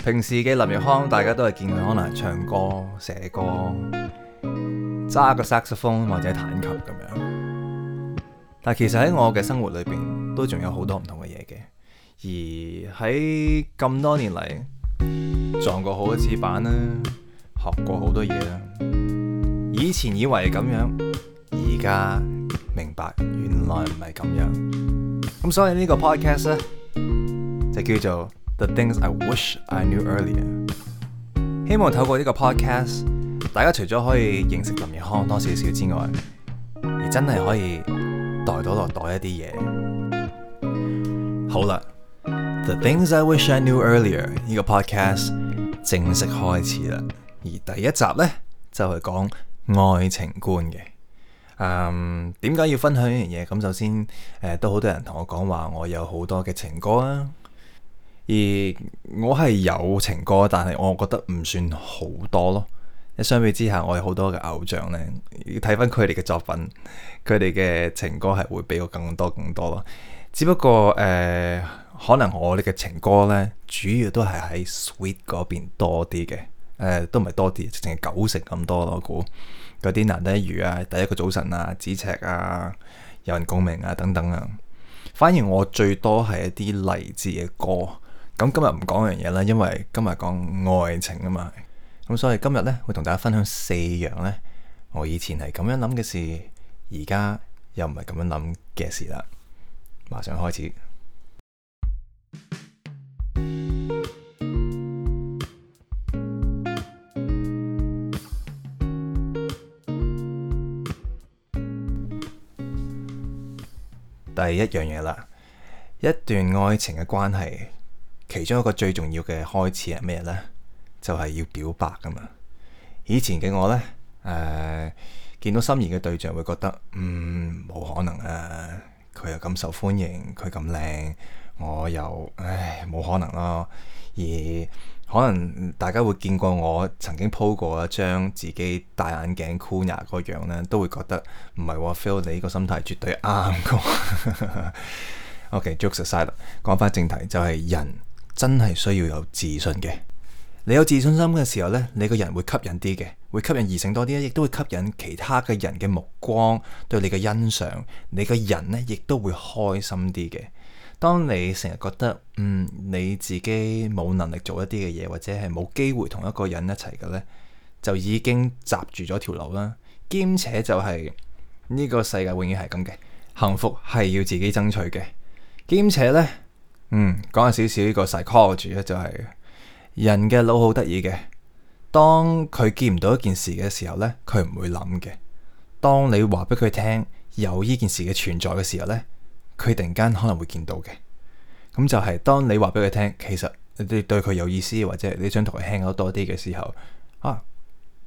平時嘅林奕匡，大家都係見佢可能唱歌、寫歌、揸個 saxophone 或者彈琴咁樣。但其實喺我嘅生活裏邊，都仲有好多唔同嘅嘢嘅。而喺咁多年嚟，撞過好多次板啦，學過好多嘢啦。以前以為咁樣，而家明白，原來唔係咁樣。咁所以個呢個 podcast 咧，就叫做。The things I wish I knew earlier，希望透過呢個 podcast，大家除咗可以認識林奕匡多少少之外，而真係可以袋到落袋一啲嘢。好啦，The things I wish I knew earlier 呢個 podcast 正式開始啦，而第一集呢，就係講愛情觀嘅。嗯，點解要分享呢樣嘢？咁首先，誒、呃、都好多人同我講話，我有好多嘅情歌啊。而我係有情歌，但係我覺得唔算好多咯。相比之下，我有好多嘅偶像咧，睇翻佢哋嘅作品，佢哋嘅情歌係會比我更多更多咯。只不過誒、呃，可能我哋嘅情歌咧，主要都係喺 sweet 嗰邊多啲嘅，誒、呃、都唔係多啲，直情係九成咁多咯。估嗰啲難得一遇啊，第一個早晨啊，紫尺啊，有人共鳴啊，等等啊。反而我最多係一啲勵志嘅歌。咁今日唔講樣嘢啦，因為今日講愛情啊嘛，咁所以今日咧會同大家分享四樣咧，我以前係咁樣諗嘅事，而家又唔係咁樣諗嘅事啦。馬上開始。第一樣嘢啦，一段愛情嘅關係。其中一個最重要嘅開始係咩呢？就係、是、要表白㗎嘛！以前嘅我呢，誒、呃、見到心儀嘅對象會覺得，嗯，冇可能啊！佢又咁受歡迎，佢咁靚，我又，唉，冇可能咯！而可能大家會見過我曾經 po 過一張自己戴眼鏡 cool 嘅個樣呢，都會覺得唔係喎，feel 你個心態絕對啱㗎。OK, drugs aside 啦，講翻正題就係、是、人。真係需要有自信嘅，你有自信心嘅時候呢，你個人會吸引啲嘅，會吸引異性多啲，亦都會吸引其他嘅人嘅目光對你嘅欣賞，你個人呢，亦都會開心啲嘅。當你成日覺得嗯，你自己冇能力做一啲嘅嘢，或者係冇機會同一個人一齊嘅呢，就已經閘住咗條路啦。兼且就係呢個世界永遠係咁嘅，幸福係要自己爭取嘅。兼且呢。嗯，講下少少呢個 psychology 咧，就係人嘅腦好得意嘅。當佢見唔到一件事嘅時候呢，佢唔會諗嘅。當你話俾佢聽有呢件事嘅存在嘅時候呢，佢突然間可能會見到嘅。咁就係當你話俾佢聽，其實你對佢有意思，或者你想同佢輕巧多啲嘅時候，啊，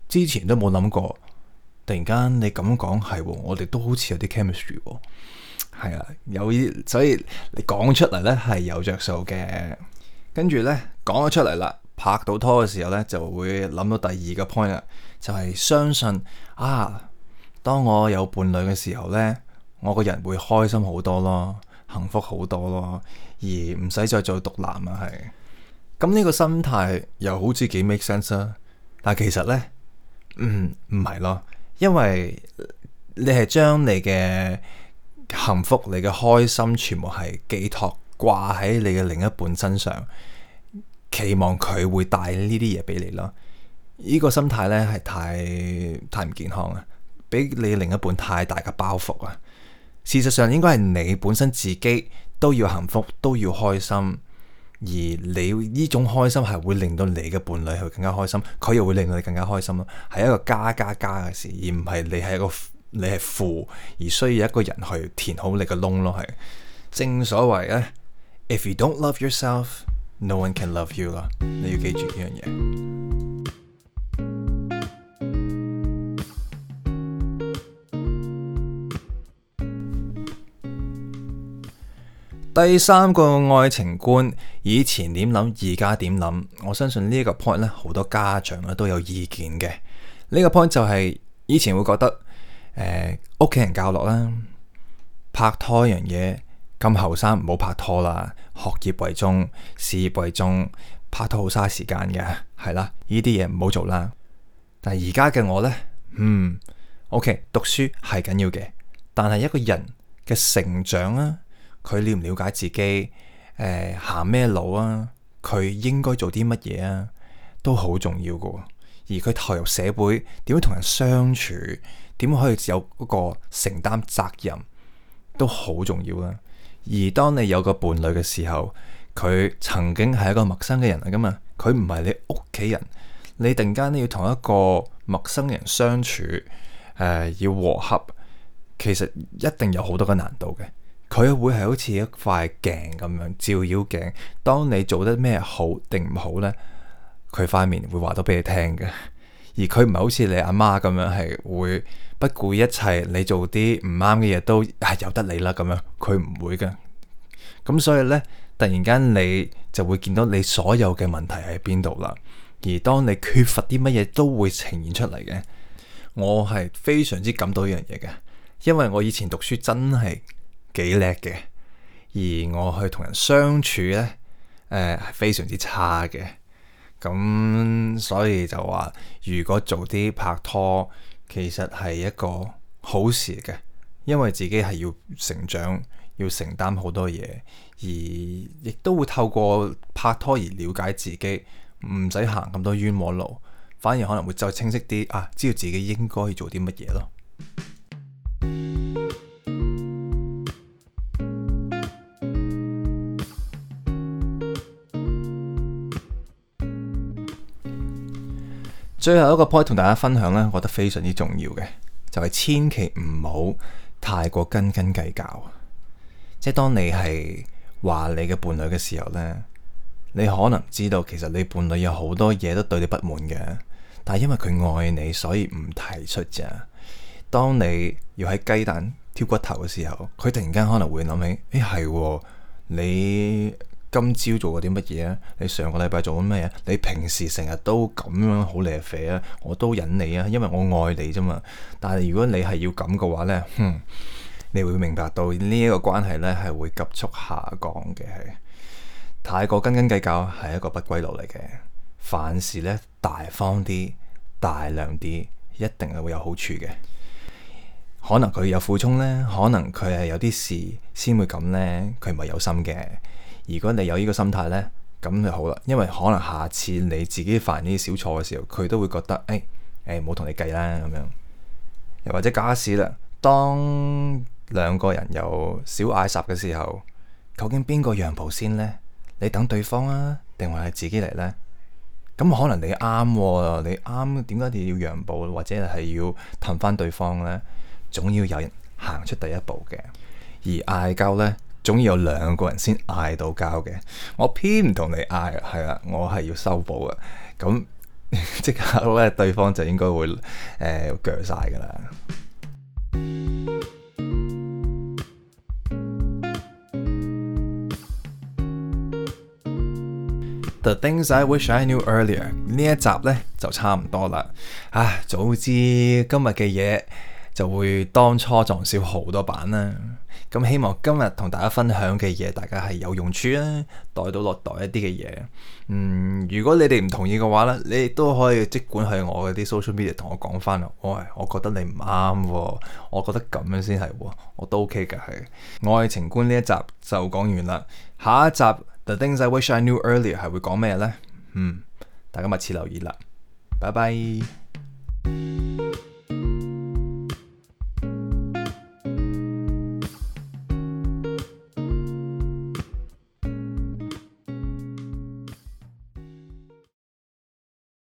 之前都冇諗過，突然間你咁講，係喎，我哋都好似有啲 chemistry 喎。係啦，有啲，所以你講出嚟咧係有着數嘅，跟住咧講咗出嚟啦，拍到拖嘅時候咧就會諗到第二個 point 啦，就係相信啊，當我有伴侶嘅時候咧，我個人會開心好多咯，幸福好多咯，而唔使再做獨男啊，係咁，呢個心態又好似幾 make sense 啊，但係其實咧，嗯唔係咯，因為你係將你嘅。幸福，你嘅開心全部係寄託掛喺你嘅另一半身上，期望佢會帶呢啲嘢俾你咯。呢個心態咧係太太唔健康啊，俾你另一半太大嘅包袱啊。事實上，應該係你本身自己都要幸福，都要開心，而你呢種開心係會令到你嘅伴侶去更加開心，佢又會令到你更加開心咯，係一個加加加嘅事，而唔係你係一個。你係負而需要一個人去填好你個窿咯，係正所謂咧。If you don't love yourself, no one can love you 啦。 你要記住呢樣嘢。 第三個愛情觀，以前點諗，而家點諗？我相信呢一個 point 咧，好多家長咧都有意見嘅。呢、這個 point 就係、是、以前會覺得。誒，屋企、呃、人教落啦，拍拖一樣嘢咁後生，唔好拍拖啦，學業為重，事業為重，拍拖好嘥時間嘅，係啦，呢啲嘢唔好做啦。但係而家嘅我呢，嗯，OK，讀書係緊要嘅，但係一個人嘅成長啊，佢了唔了解自己，誒、呃，行咩路啊，佢應該做啲乜嘢啊，都好重要嘅。而佢投入社會，點樣同人相處？點可以有嗰個承擔責任都好重要啦。而當你有個伴侶嘅時候，佢曾經係一個陌生嘅人嚟㗎嘛，佢唔係你屋企人，你突然間咧要同一個陌生人相處，誒、呃、要和合，其實一定有好多嘅難度嘅。佢會係好似一塊鏡咁樣照妖鏡，當你做得咩好定唔好呢？佢塊面會話到俾你聽嘅。 而佢唔係好似你阿媽咁樣，係會不顧一切，你做啲唔啱嘅嘢都係由得你啦咁樣，佢唔會嘅。咁所以咧，突然間你就會見到你所有嘅問題喺邊度啦。而當你缺乏啲乜嘢，都會呈現出嚟嘅。我係非常之感到呢樣嘢嘅，因為我以前讀書真係幾叻嘅，而我去同人相處咧，誒、呃、係非常之差嘅。咁、嗯、所以就話，如果做啲拍拖，其實係一個好事嚟嘅，因為自己係要成長，要承擔好多嘢，而亦都會透過拍拖而了解自己，唔使行咁多冤枉路，反而可能會就清晰啲啊，知道自己應該要做啲乜嘢咯。最後一個 point 同大家分享呢，我覺得非常之重要嘅，就係千祈唔好太過斤斤計較。即係當你係話你嘅伴侶嘅時候呢，你可能知道其實你伴侶有好多嘢都對你不滿嘅，但係因為佢愛你，所以唔提出啫。當你要喺雞蛋挑骨頭嘅時候，佢突然間可能會諗起，誒，係你。今朝做過啲乜嘢？你上個禮拜做緊咩嘢？你平時成日都咁樣好，你肥啊，我都忍你啊，因為我愛你啫嘛。但係如果你係要咁嘅話呢，嗯，你會明白到呢一個關係呢係會急速下降嘅。係太過斤斤計較係一個不歸路嚟嘅。凡事呢，大方啲，大量啲，一定係會有好處嘅。可能佢有苦衷呢，可能佢係有啲事先會咁呢，佢唔係有心嘅。如果你有呢個心態呢，咁就好啦。因為可能下次你自己犯呢啲小錯嘅時候，佢都會覺得，誒誒，冇同你計啦咁樣。又或者假使啦，當兩個人有小嗌霎嘅時候，究竟邊個讓步先呢？你等對方啊，定係自己嚟呢？咁可能你啱啊，你啱，點解你要讓步，或者係要氹翻對方呢？總要有人行出第一步嘅，而嗌交呢。總要有兩個人先嗌到交嘅，我偏唔同你嗌，係啦、啊，我係要修補啊！咁即 刻咧，對方就應該會誒鋸曬㗎啦。呃、The things I wish I knew earlier 呢一集呢就差唔多啦，唉，早知今日嘅嘢就會當初撞少好多板啦。咁希望今日同大家分享嘅嘢，大家係有用處啦，袋到落袋一啲嘅嘢。嗯，如果你哋唔同意嘅話呢，你哋都可以即管去我嘅啲 social media 同我講翻我喂，我覺得你唔啱，哦，我覺得咁樣先係，我都 OK 噶。係愛情觀呢一集就講完啦，下一集 The Things I Wish I Knew Earlier 係會講咩呢？嗯，大家密切留意啦，拜拜。